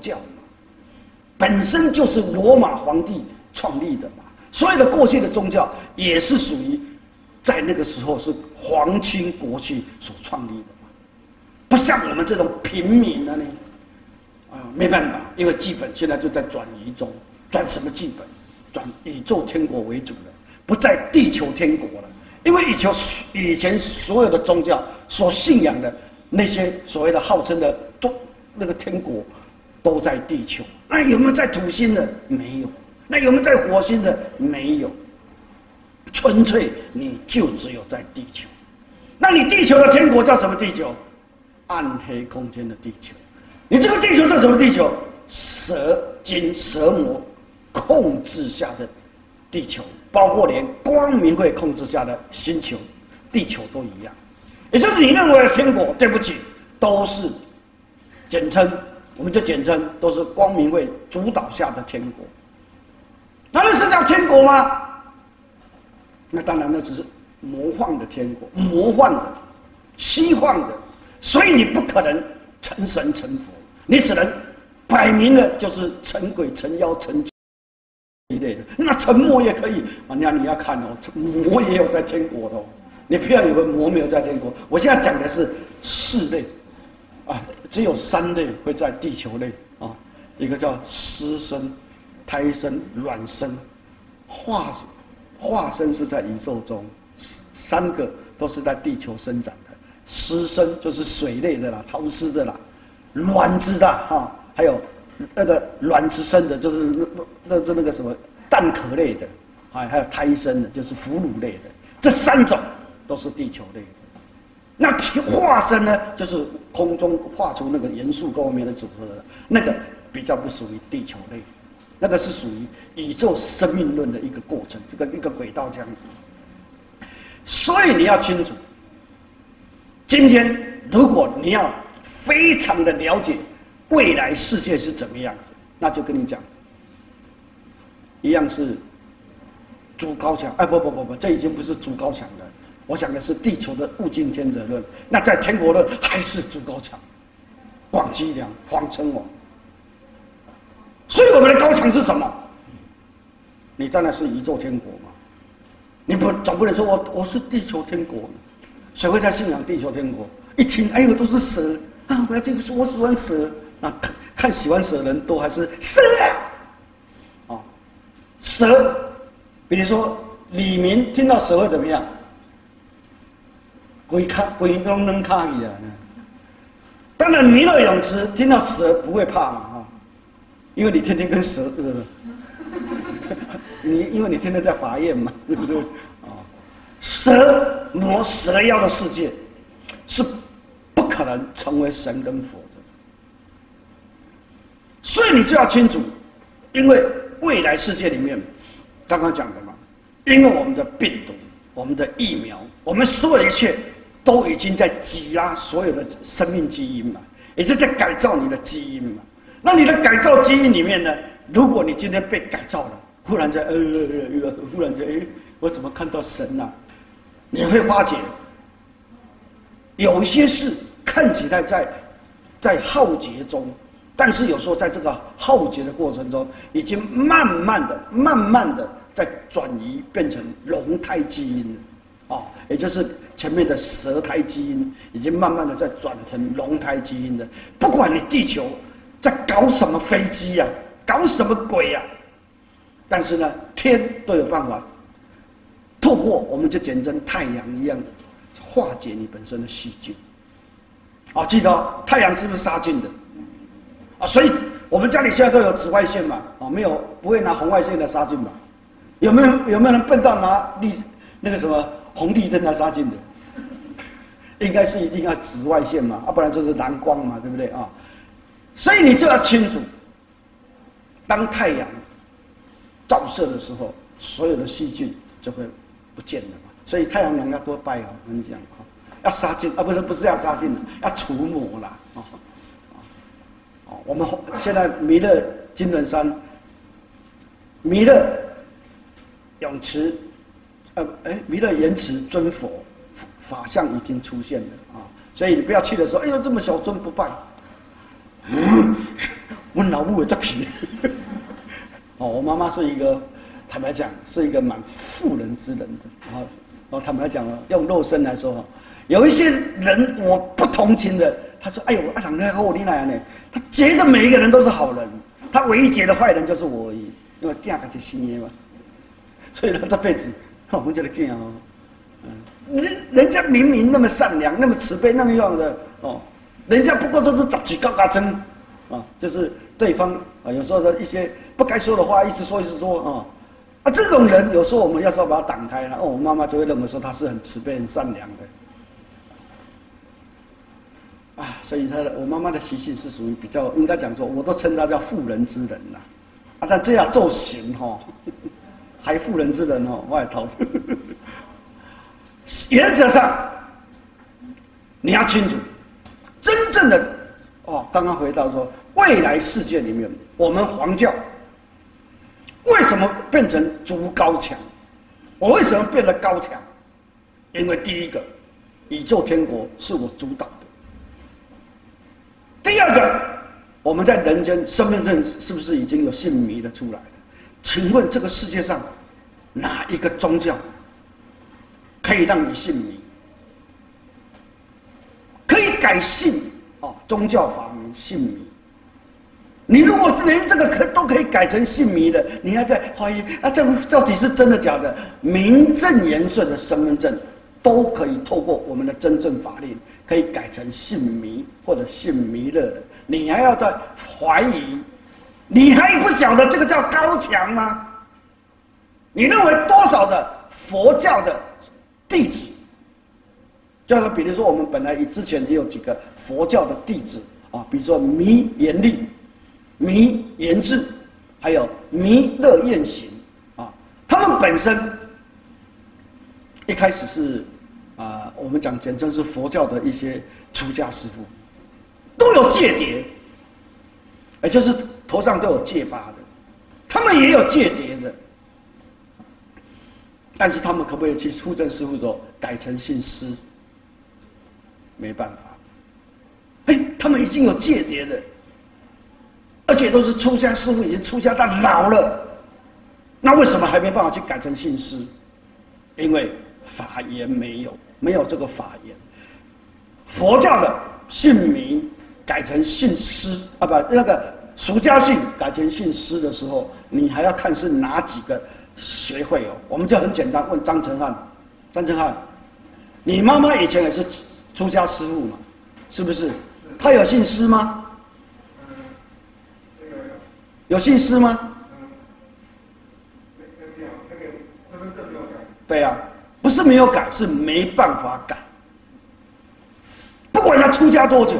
教本身就是羅馬皇帝創立的嘛，所有的過去的宗教也是屬於在那個時候是皇親國戚所創立的嘛，不像我們這種平民的呢，啊，沒辦法，因為劇本現在就在轉移中，轉什麼劇本？轉宇宙天國為主的，不在地球天國了。因為以前以前所有的宗教所信仰的那些所謂的號稱的都那個天國。都在地球，那有沒有在土星的？沒有。那有沒有在火星的？沒有。純粹你就只有在地球。那你地球的天國叫什麼？地球？暗黑空間的地球。你這個地球叫什麼？地球？蛇精蛇魔控制下的地球，包括連光明會控制下的星球，地球都一樣。也就是你認為的天國，對不起，都是簡稱。我們就簡稱都是光明會主導下的天國，那那是叫天國嗎？那當然，那只是魔幻的天國，魔幻的、虛幻的，所以你不可能成神成佛，你只能擺明的就是成鬼成妖成一類的，那成魔也可以啊。那你，你要看哦，魔也有在天國的哦，你不要以為魔沒有在天國。我現在講的是世類，啊。只有三類會在地球內啊，一個叫濕生、胎生、卵生，化化生是在宇宙中，三個都是在地球生長的。濕生就是水類的啦，潮濕的啦，卵子的哈，還有那個卵子生的，就是那那那那個什麼蛋殼類的，還還有胎生的，就是哺乳類的。這三種都是地球類的。那其化身呢，就是空中化出那個元素各方面的組合的那個，比較不屬於地球類，那個是屬於宇宙生命論的一個過程，這個一個軌道這樣子。所以你要清楚，今天如果你要非常的了解未來世界是怎麼樣的，那就跟你講，一樣是築高牆，哎，不不不不，這已經不是築高牆了。我想的是地球的物競天擇論，那在天國論還是築高牆，廣積糧，緩稱王。所以我們的高牆是什麼？你當然是宇宙天國嘛，你不總不能說我我是地球天國？誰會在信仰地球天國？一聽哎呦都是蛇啊！我要就說我喜歡蛇。那、啊、看看喜歡蛇的人多還是蛇啊？啊、哦，蛇，比如說李明聽到蛇會怎麼樣？鬼看鬼弄能看去啊！當然，你到泳池聽到蛇不會怕嘛？啊，因為你天天跟蛇， 你因為你天天在法院嘛，啊、哦，蛇魔蛇妖的世界，是不可能成為神跟佛的。所以你就要清楚，因為未來世界裡面，剛剛講的嘛，因為我們的病毒，我們的疫苗，我們所有的一切。都已經在擠壓所有的生命基因嘛，也是在改造你的基因嘛。那你的改造基因裡面呢？如果你今天被改造了，忽然間呃、呃、呃，忽然間哎，我怎麼看到神了、啊？你會發覺有一些事看起來在，在浩劫中，但是有時候在這個浩劫的過程中，已經慢慢的、慢慢的在轉移，變成龍胎基因了。哦，也就是前面的蛇胎基因已經慢慢的在轉成龍胎基因了。不管你地球在搞什麼飛機呀、啊，搞什麼鬼呀、啊，但是呢，天都有辦法透過我們就簡稱太陽一樣，化解你本身的細菌。啊、哦，記得、哦、太陽是不是殺菌的？啊、嗯哦，所以我們家裡現在都有紫外線嘛。啊、哦，沒有不會拿紅外線來殺菌吧？有沒有，有沒有人笨到拿你那個什麼？紅綠燈要殺菌的，應該是一定要紫外線嘛，啊，不然就是藍光嘛，對不對啊？所以你就要清楚，當太陽照射的時候，所有的細菌就會不見了嘛。所以太陽能要多拜哦、啊，跟你講哦，要殺菌啊，不是不是要殺菌、啊、要除魔啦哦。我們現在彌勒金輪山彌勒泳池。哎，彌勒言辭尊佛法，法相已經出現了啊、哦！所以你不要去的時候，哎呦，這麼小尊不拜、嗯，我老母有這脾氣。哦，我媽媽是一個，坦白講是一個蠻婦人之仁的然後，然後坦白講，用肉身來說，有一些人我不同情的。他說，哎呦，阿郎太和我來呢，他覺得每一個人都是好人，他唯一覺得壞人就是我而已，因為第二個就吸煙嘛，所以他這輩子。哦、我們叫他 g a 嗯，人人家明明那麼善良，那麼慈悲，那麼樣的哦，人家不過都是雜舉高高稱啊，就是對方啊、哦，有時候的一些不該說的話，一直說一直說啊、哦，啊，這種人有時候我們要說把他擋開了。哦，我媽媽就會認為說他是很慈悲、很善良的，啊，所以他我媽媽的我媽媽的習性是屬於比較應該講說，我都稱她叫婦人之仁吶、啊，啊，但這樣做行哈。哦呵呵還婦人之仁哦，外套。 原則上，你要清楚，真正的哦，剛剛回到說，未來世界裡面，我們皇教為什麼變成築高牆？我為什麼變得高牆？因為第一個，宇宙天國是我主導的；第二個，我們在人間身份證是不是已經有姓彌的出來了？請問這個世界上哪一個宗教可以讓你信彌？可以改姓哦？宗教法名信彌，你如果連這個可都可以改成姓彌的，你還在懷疑啊？這個到底是真的假的？名正言順的身份證都可以透過我們的真正法令，可以改成姓彌或者姓彌勒的，你還要再懷疑？你還不曉得這個叫高牆嗎？你認為多少的佛教的弟子，叫做比如說，我們本來以之前也有幾個佛教的弟子啊，比如說彌嚴利、彌嚴智，還有彌勒彥行啊，他們本身一開始是啊、呃，我們講簡稱是佛教的一些出家師父，都有戒牒。哎，就是頭上都有戒疤的，他們也有戒牒的，但是他們可不可以去戶政事務所改成姓釋？沒辦法，哎，他們已經有戒牒的，而且都是出家師父已經出家到老了，那為什麼還沒辦法去改成姓釋？因為法言沒有，沒有這個法言，佛教的姓名。改成姓師啊，不，那個俗家姓改成姓師的時候，你還要看是哪幾個學會哦。我們就很簡單問張成漢：張成漢，你媽媽以前也是出家師父嘛？是不是？她有姓師嗎？嗯，有姓師嗎？嗯，對呀，啊，不是沒有改，是沒辦法改。不管她出家多久。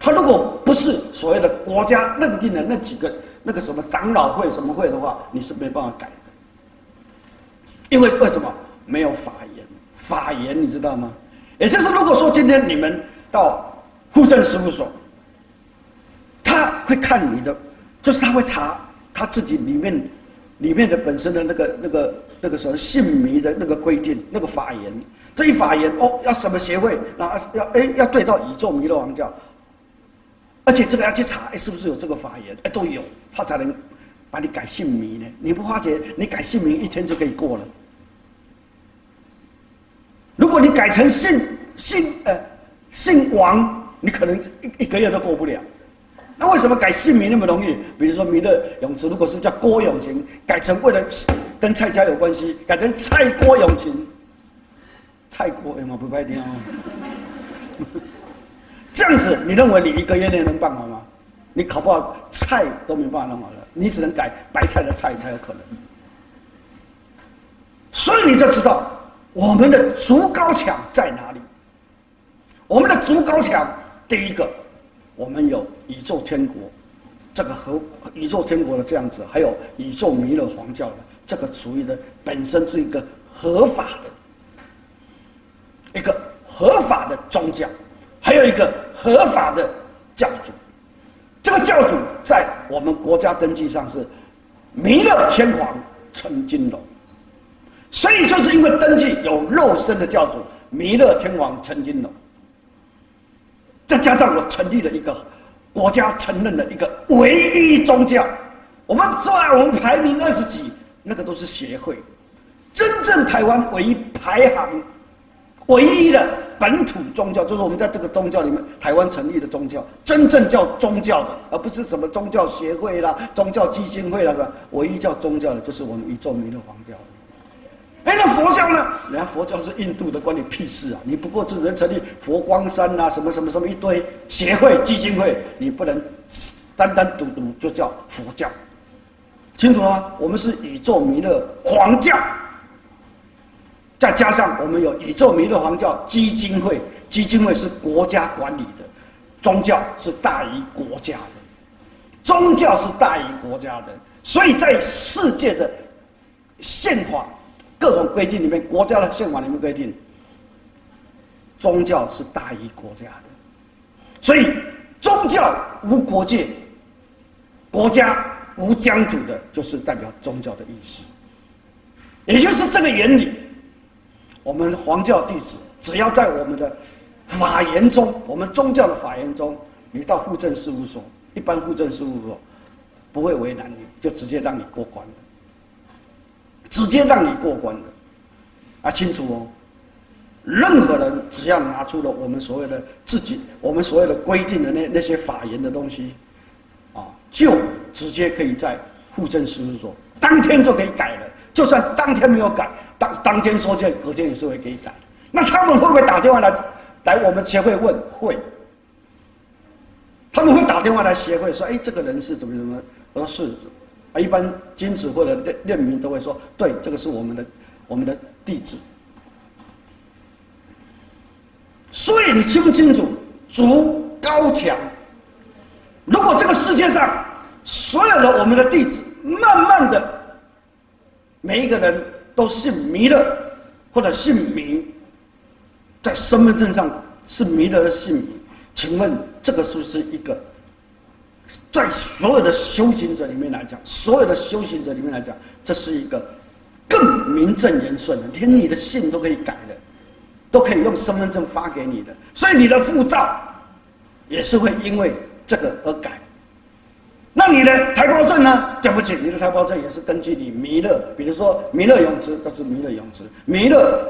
他如果不是所謂的國家認定的那幾個那個什麼長老會什麼會的話，你是沒辦法改的。因為為什麼沒有法言？法言你知道嗎？也就是如果說今天你們到戶政事務所，他會看你的，就是他會查他自己裡面裡面的本身的那個那個那個什麼信彌的那個規定那個法言。這一法言哦，要什麼協會？然後要哎要對照宇宙彌勒王教。而且這個要去查，欸、是不是有這個發言，欸？都有，他才能把你改姓名呢。你不花錢，你改姓名一天就可以過了。如果你改成姓姓呃姓王，你可能一一個月都過不了。那為什麼改姓名那麼容易？比如說彌勒永晴，泳池，如果是叫郭永琴，改成為了跟蔡家有關係，改成蔡郭永琴。蔡郭，哎、欸、嘛，不拜天啊。 這樣子，你認為你一個月內能辦好嗎？你搞不好菜都沒辦法弄好了，你只能改白菜的菜才有可能。所以你就知道我們的築高牆在哪裡。我們的築高牆，第一個，我們有宇宙天國，這個和宇宙天國的這樣子，還有宇宙彌勒皇教的這個屬於的本身是一個合法的，一個合法的宗教。還有一個合法的教主，這個教主在我們國家登記上是彌勒天皇陳金龍，所以就是因為登記有肉身的教主彌勒天王陳金龍，再加上我成立了一個國家承認的一個唯一宗教。我們說啊，我們排名二十幾，那個都是協會，真正台灣唯一排行唯一的。本土宗教就是我們在這個宗教裡面台灣成立的宗教，真正叫宗教的，而不是什麼宗教協會啦、宗教基金會啦，那個唯一叫宗教的，就是我們宇宙彌勒皇教。哎，那佛教呢？人家佛教是印度的，關你屁事啊！你不過只能成立佛光山啊什麼什麼什麼一堆協會基金會，你不能單單獨獨就叫佛教，清楚了嗎？我們是宇宙彌勒皇教。再加上我們有宇宙彌勒皇教基金會，基金會是國家管理的，宗教是大於國家的，宗教是大於國家的，所以在世界的憲法、各種規定裡面，國家的憲法裡面規定，宗教是大於國家的，所以宗教無國界，國家無疆土的，就是代表宗教的意思，也就是這個原理。我們皇教弟子，只要在我們的法言中，我們宗教的法言中，你到戶政事務所，一般戶政事務所不會為難你，就直接讓你過關了，直接讓你過關的，啊，清楚哦！任何人只要拿出了我們所謂的自己，我們所謂的規定的那那些法言的東西，啊，哦，就直接可以在戶政事務所當天就可以改了，就算當天沒有改。當當天說見，隔天也是會給你打的。那他們會不會打電話來？來我們協會問？會。他們會打電話來協會說：“哎、欸，這個人是怎麼怎麼？”我說：“是。”啊，一般君子或者任任民都會說：“對，這個是我們的，我們的弟子。”所以你清不清楚？築高牆。如果這個世界上所有的我們的弟子，慢慢的，每一個人。都姓彌勒，或者姓名在身份證上是彌勒的姓名。請問這個是不是一個，在所有的修行者裡面來講，所有的修行者裡面來講，這是一個更名正言順的，連你的姓都可以改的，都可以用身份證發給你的，所以你的護照也是會因為這個而改。那你的台胞證呢？對不起，你的台胞證也是根據你彌勒，比如說彌勒泳池，它是彌勒泳池，彌勒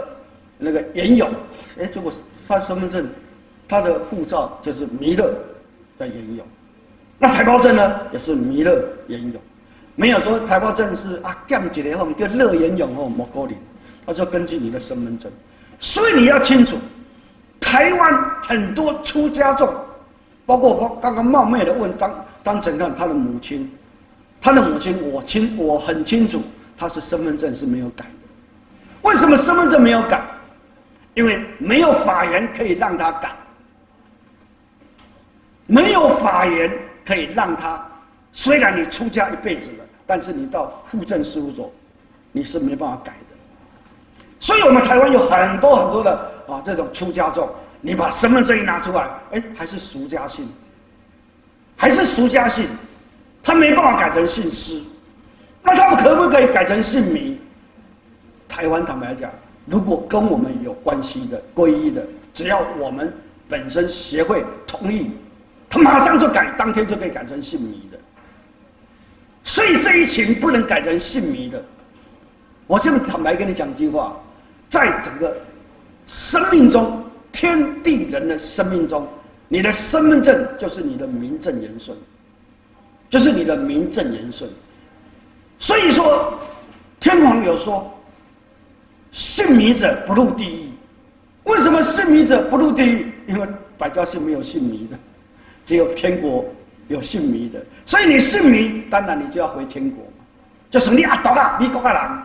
那個岩泳，哎、欸，結果發身份證，他的護照就是彌勒，在岩泳。那台胞證呢也是彌勒岩泳，沒有說台胞證是啊降級了以後你就樂岩泳，哦莫高林，他就根據你的身份證，所以你要清楚，台灣很多出家眾，包括我剛剛冒昧的問張。當成看他的母親，他的母親我清我很清楚，他是身份證是沒有改的。為什麼身份證沒有改？因為沒有法源可以讓他改，沒有法源可以讓他。雖然你出家一輩子了，但是你到戶政事務所，你是沒辦法改的。所以我們台灣有很多很多的啊這種出家眾，你把身份證一拿出來，哎，還是俗家姓。還是俗家姓，他沒辦法改成姓師，那他們可不可以改成姓彌？台灣坦白講，如果跟我們有關係的皈依的，只要我們本身協會同意，他馬上就改，當天就可以改成姓彌的。所以這一群不能改成姓彌的。我現在坦白跟你講一句話，在整個生命中，天地人的生命中。你的身份證就是你的名正言順，就是你的名正言順。所以說，天皇有說：信彌者不入地獄。為什麼信彌者不入地獄？因為百家姓沒有姓彌的，只有天國有姓彌的。所以你信彌，當然你就要回天國嘛，就是你啊，阿達你米國噶、啊、人，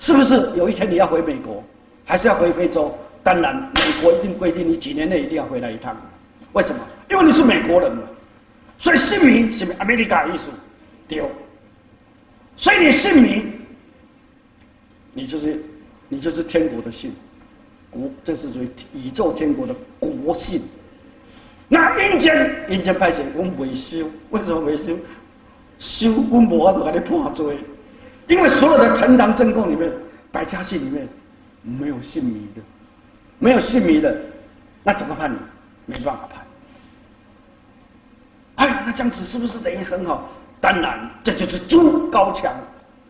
是不是？有一天你要回美國，還是要回非洲？當然，美國一定規定你幾年內一定要回來一趟。為什麼？因為你是美國人嘛，所以姓名是 America 意思丟，所以你姓名，你就是你就是天國的姓，國，這是屬於宇宙天國的國姓。那陰間陰間，那陰間陰間派遣我們維修，為什麼維修？修我們無法度給你判罪，因為所有的呈堂證供裡面百家姓裡面沒有姓彌的，沒有姓彌的，那怎麼判你？沒辦法判。哎，那這樣子是不是等於很好？當然，這就是築高牆、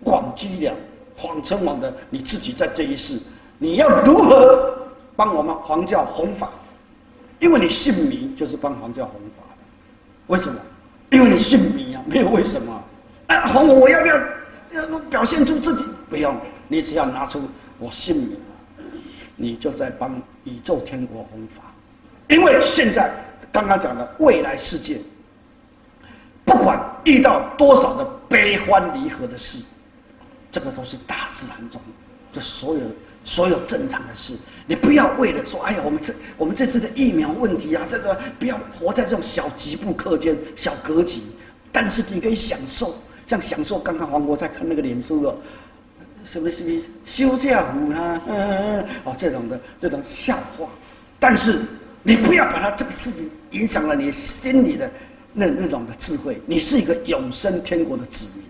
廣積糧、緩稱王的，你自己在這一世，你要如何幫我們皇教弘法？因為你信彌就是幫皇教弘法的。為什麼？因為你信彌啊，沒有為什麼。哎、啊，弘我我要不要？要表現出自己？不用，你只要拿出我信彌、啊、你就在幫宇宙天國弘法。因為現在剛剛講的未來世界。不管遇到多少的悲歡離合的事，這個都是大自然中，就所有所有正常的事。你不要為了說，哎呀，我們這我們這次的疫苗問題啊，這種不要活在這種小局部、課間小格局。但是你可以享受，像享受剛剛黃國在看那個臉書的，什麼什麼休假湖啊、嗯，哦，這種的這種笑話。但是你不要把它這個事情影響了你心裡的，那那種的智慧，你是一個永生天國的子民，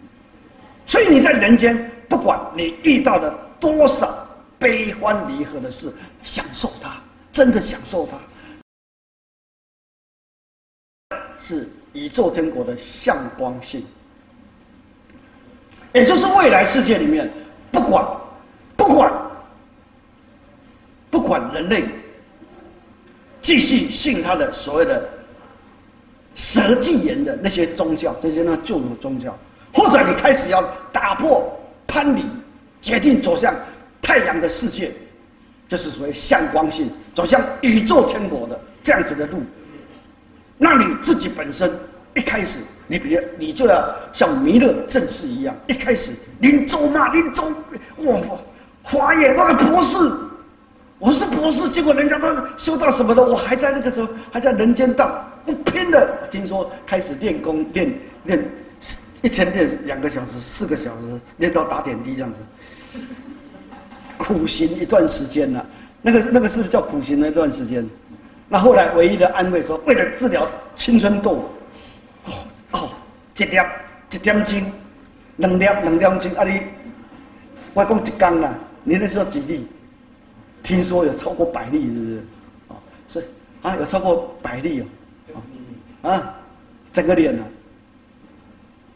所以你在人間，不管你遇到了多少悲歡離合的事，享受它，真的享受它，是宇宙天國的向光性，也就是未來世界裡面，不管，不管，不管人類繼續信他的所謂的。蛇跡言的那些宗教，這些呢，舊有宗教，或者你開始要打破藩籬，決定走向太陽的世界，就是所謂向光性，走向宇宙天國的這樣子的路。那你自己本身一開始，你比如你就要像彌勒正式一樣，一開始連咒嘛，連咒，我華嚴那個博士，我是博士，結果人家都修到什麼了，我還在那個時候，還在人間道。我拼了，聽說開始練功練練，一天練兩個小時四個小時，練到打點滴這樣子，苦行一段時間吶、啊。那個那個是不是叫苦行那段時間？那後來唯一的安慰說，為了治療青春痘，哦哦，一粒一點斤，兩粒兩兩斤，啊，你，外公一剛啊，你那時候幾粒？聽說有超過百粒，是不是？啊、哦，是啊，有超過百粒哦。啊，整個臉呢、啊？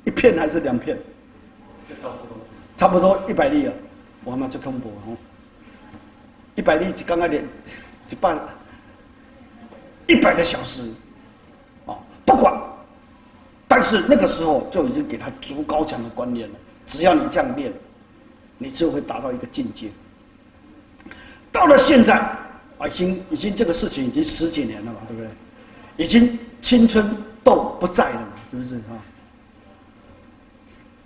一片還是兩片是？差不多一百粒啊，我這就空搏啊，一百粒就剛剛練，就把一百個小時，哦，不管，但是那個時候就已經給他築高牆的觀念了。只要你這樣練，你就會達到一個境界。到了現在，啊，已經已經這個事情已經十幾年了嘛，對不對？已經。青春都不在了嘛，是不是啊？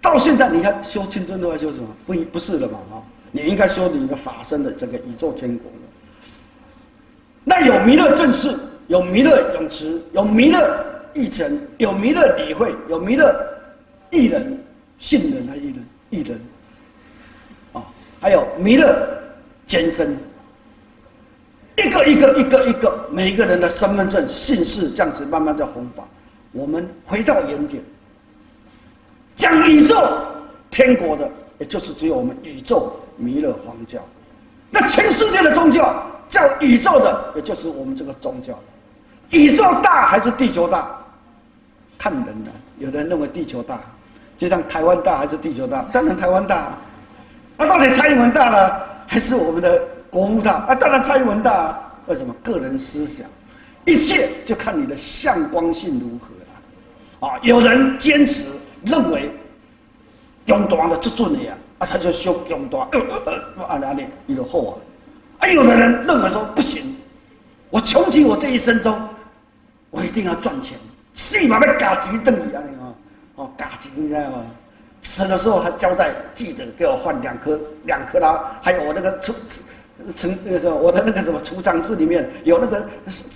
到現在你看修青春都要修什麼？不不是了嘛，啊！你應該修你的法身的整個宇宙天國了。嗯、那有彌勒正式，有彌勒泳池，有彌勒義成，有彌勒理會，有彌勒藝人，信人還藝人藝人。啊，還有彌勒堅身。一個一個一個一個，每一個人的身份證姓氏這樣子慢慢在紅榜。我們回到原點，講宇宙天國的，也就是只有我們宇宙彌勒皇教。那全世界的宗教叫宇宙的，也就是我們這個宗教。宇宙大還是地球大？看人呢、啊，有人認為地球大，就像台灣大還是地球大？當然台灣大。那、啊、到底蔡英文大呢，還是我們的？國務大啊，當然差異很大。為什麼個人思想，一切就看你的向光性如何了、哦。啊，有人堅持認為，窮大的就準的呀，啊他就修窮大，啊哪裡你的安啊。啊，有的人認為說不行，我窮盡我這一生中，我一定要賺錢。戲嘛，被嘎子一頓，啊，哦嘎子，你知道嗎？死的時候還交代，記得給我換兩顆，兩顆啦，還有我那個成，那個什麼，我的那個什麼儲藏室裡面有那個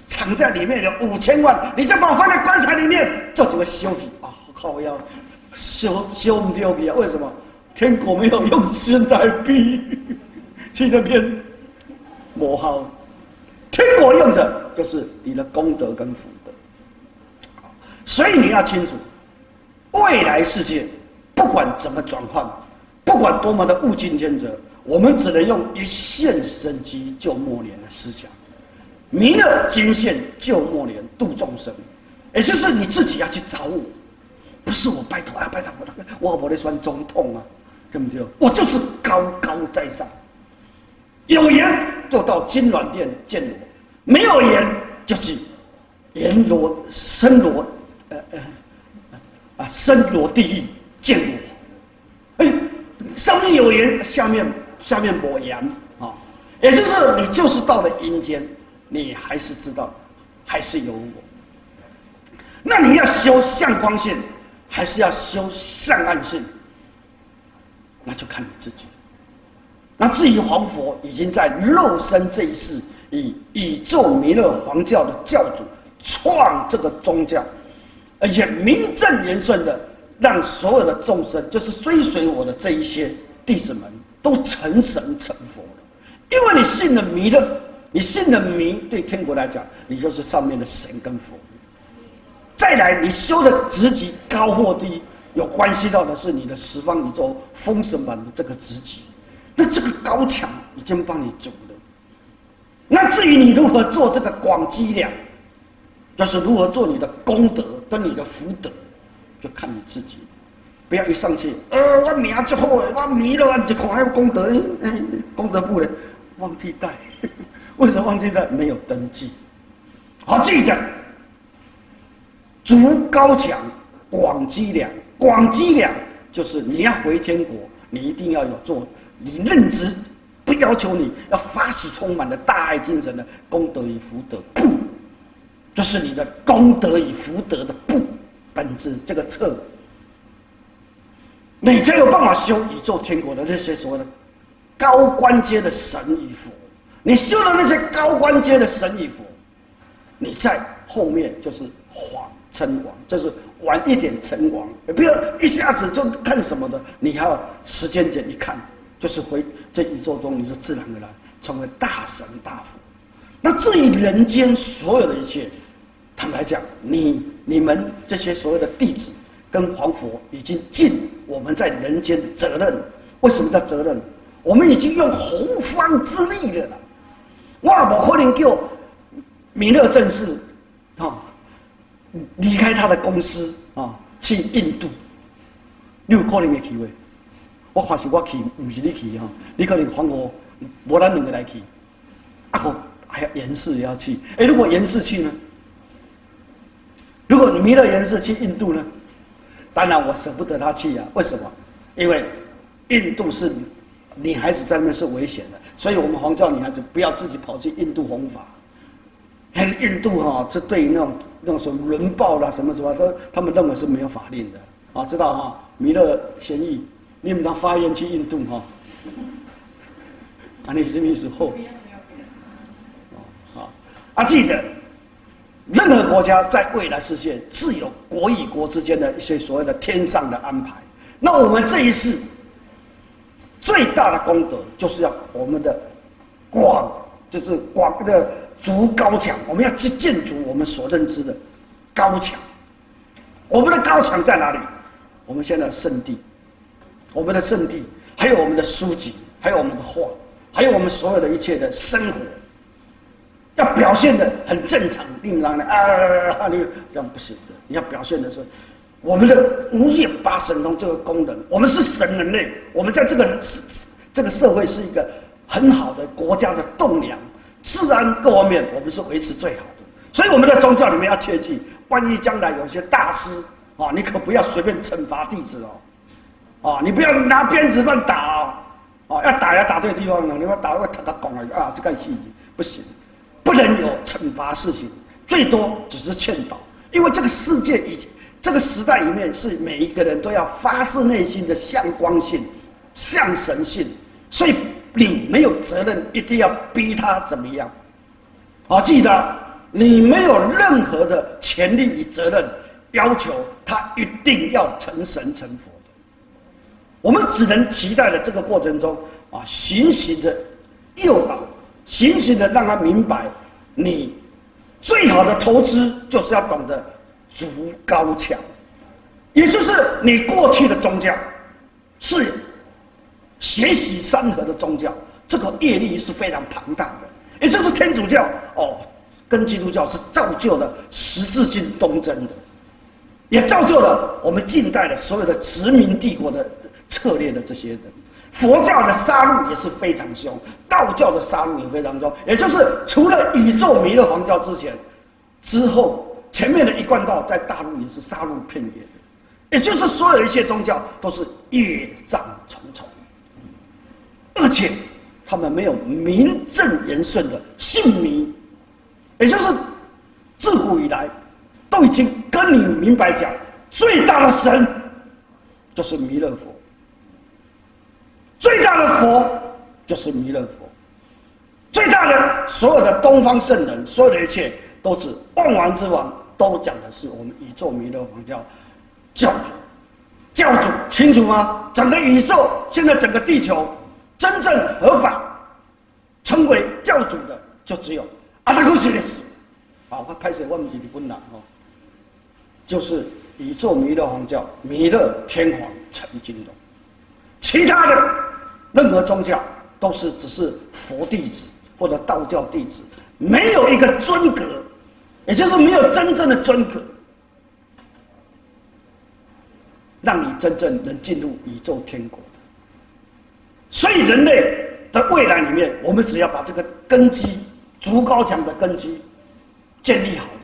藏在裡面有五千萬，你就把我放在棺材裡面做什麼休息啊？好休休不掉息啊？為什麼？天國沒有用現代幣去那邊磨耗，天國用的就是你的功德跟福德，所以你要清楚，未來世界不管怎麼轉換，不管多麼的物競天擇。我們只能用一線生機救末年的思想，彌勒金線救末年度眾生，也就是你自己要去找我，不是我拜托啊拜託、啊、我的我我那算中痛啊，根本就我就是高高在上，有緣就到金鑾殿見我，沒有緣就是閻羅森羅，呃呃，啊森羅地獄見我，哎上面有緣下面。下面抹鹽啊，也就是你就是到了陰間，你還是知道，還是有我。那你要修向光性，還是要修向暗性？那就看你自己。那至於皇佛已經在肉身這一世，以宇宙彌勒皇教的教主創這個宗教，而且名正言順的讓所有的眾生，就是追隨我的這一些弟子們都成神成佛了，因為你信了彌勒，你信了彌，對天國來講，你就是上面的神跟佛。再來，你修的職級高或低，有關係到的是你的十方宇宙封神榜的這個職級，那這個高牆已經幫你築了。那至於你如何做這個廣積糧，就是如何做你的功德跟你的福德，就看你自己。不要一上去，呃、哦，我名足好後，我迷了，我就看還有功德，欸、功德簿嘞，忘記帶呵呵。為什麼忘記帶？沒有登記。好，記得。築高牆，廣積糧，廣積糧就是你要回天國，你一定要有做。你認知不要求你要發起充滿的大愛精神的功德與福德簿，這、就是你的功德與福德的簿本質這個策。你才有辦法修宇宙天國的那些所謂的高官階的神與佛，你修了那些高官階的神與佛，你在後面就是緩稱王，就是晚一點稱王，也不要一下子就看什麼的，你還有時間點一看，就是回這宇宙中，你就自然而然成為大神大佛。那至於人間所有的一切，坦白講，你、你們這些所謂的弟子。跟皇佛已經盡我們在人間的責任，為什麼叫責任？我們已經用洪荒之力了啦。我也不可能叫彌勒正式，啊，離開他的公司啊，去印度，你有可能會去未？我發誓我去，不是你去哈？你可能皇佛我們兩個來去，阿、啊、可還有嚴氏也要去？哎、欸，如果嚴氏去呢？如果彌勒嚴氏去印度呢？當然我捨不得他去啊，為什麼？因為印度是女孩子在那邊是危險的，所以我們黃教女孩子不要自己跑去印度弘法。很印度哈，這對於那種那種什麼輪暴啦什麼什麼，他他們認為是沒有法令的啊，知道哈？彌勒賢義，你們當發言去印度哈？啊，你是什麼意思？後啊，記得。任何國家在未來世界自有國與國之間的一些所謂的天上的安排。那我們這一世最大的功德，就是要我們的廣，就是廣的築高牆。我們要去建築我們所認知的高牆，我們的高牆在哪裡？我們現在的聖地，我們的聖地，還有我們的書籍，還有我們的畫，還有我們所有的一切的生活。要表現的很正常，令常的啊，你這樣不行的，你要表現的是，我們的五眼八神通這個功能，我們是神人類，我們在這個這個社會是一個很好的國家的棟梁，治安各方面我們是維持最好的。所以我們在宗教裡面要切記，萬一將來有些大師啊、哦，你可不要隨便懲罰弟子哦，啊、哦，你不要拿鞭子亂打啊、哦，啊、哦，要打要打對地方的、哦，你要打個打個了，啊，這個是不行。不能有懲罰事情，最多只是勸導，因為這個世界以這個時代裡面是每一個人都要發自內心的向光性，向神性，所以你沒有責任一定要逼他怎麼樣。啊，記得、啊、你沒有任何的權利與責任，要求他一定要成神成佛。我們只能期待的這個過程中啊，循循的誘導。醒醒的，讓他明白，你最好的投資就是要懂得築高牆，也就是你過去的宗教是學習三合的宗教，這個業力是非常龐大的。也就是天主教哦，跟基督教是造就了十字軍東征的，也造就了我們近代的所有的殖民帝國的策略的這些人。佛教的殺戮也是非常凶，道教的殺戮也非常凶，也就是除了宇宙彌勒皇教之前，之後前面的一貫道在大陸也是殺戮遍野，也就是所有一些宗教都是業障重重，而且他們沒有名正言順的姓名，也就是自古以來都已經跟你明白講，最大的神就是彌勒佛。最大的佛就是彌勒佛，最大的所有的東方聖人，所有的一切都是萬王之王，都講的是我們宇宙彌勒皇教教主，教主清楚嗎？整個宇宙現在整個地球真正合法成為教主的，就只有阿達克西雷斯。啊，我開始忘記的困難哦，就是宇宙彌勒皇教彌勒天皇陳金龍。其他的任何宗教都是只是佛弟子，或者道教弟子，沒有一個尊格，也就是沒有真正的尊格，讓你真正能進入宇宙天國的。所以人類的未來裡面，我們只要把這個根基築高牆的根基建立好了，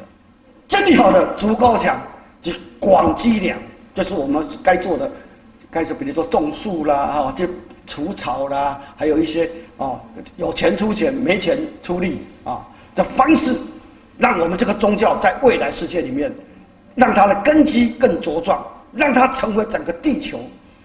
建立好的築高牆及廣積糧，這，就是我們該做的。開始，比如說種樹啦，啊，就除草啦，還有一些啊，有錢出錢，沒錢出力啊的方式，讓我們這個宗教在未來世界裡面，讓它的根基更茁壯，讓它成為整個地球，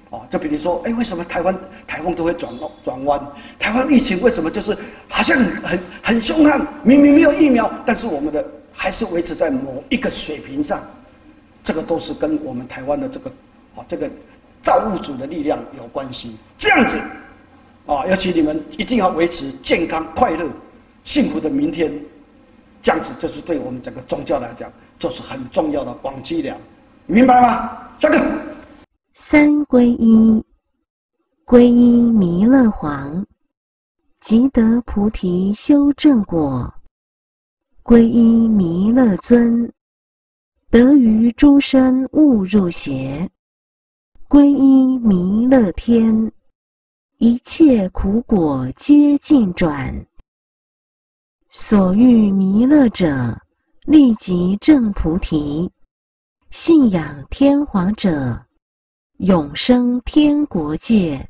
啊，就比如說，哎、欸，為什麼台灣颱風都會轉轉彎？台灣疫情為什麼就是好像很很很兇悍？明明沒有疫苗，但是我們的還是維持在某一個水平上，這個都是跟我們台灣的這個，啊，這個。造物主的力量有關係，這樣子啊，哦、尤其你們一定要維持健康、快樂、幸福的明天。這樣子就是對我們整個宗教來講，就是很重要的廣積糧了，明白嗎？下一個三皈依，皈依彌勒皇，即得菩提修正果；皈依彌勒尊，得於諸身勿入邪。皈依彌勒天，一切苦果皆盡轉。所欲彌勒者，立即證菩提；信仰天皇者，永生天國界。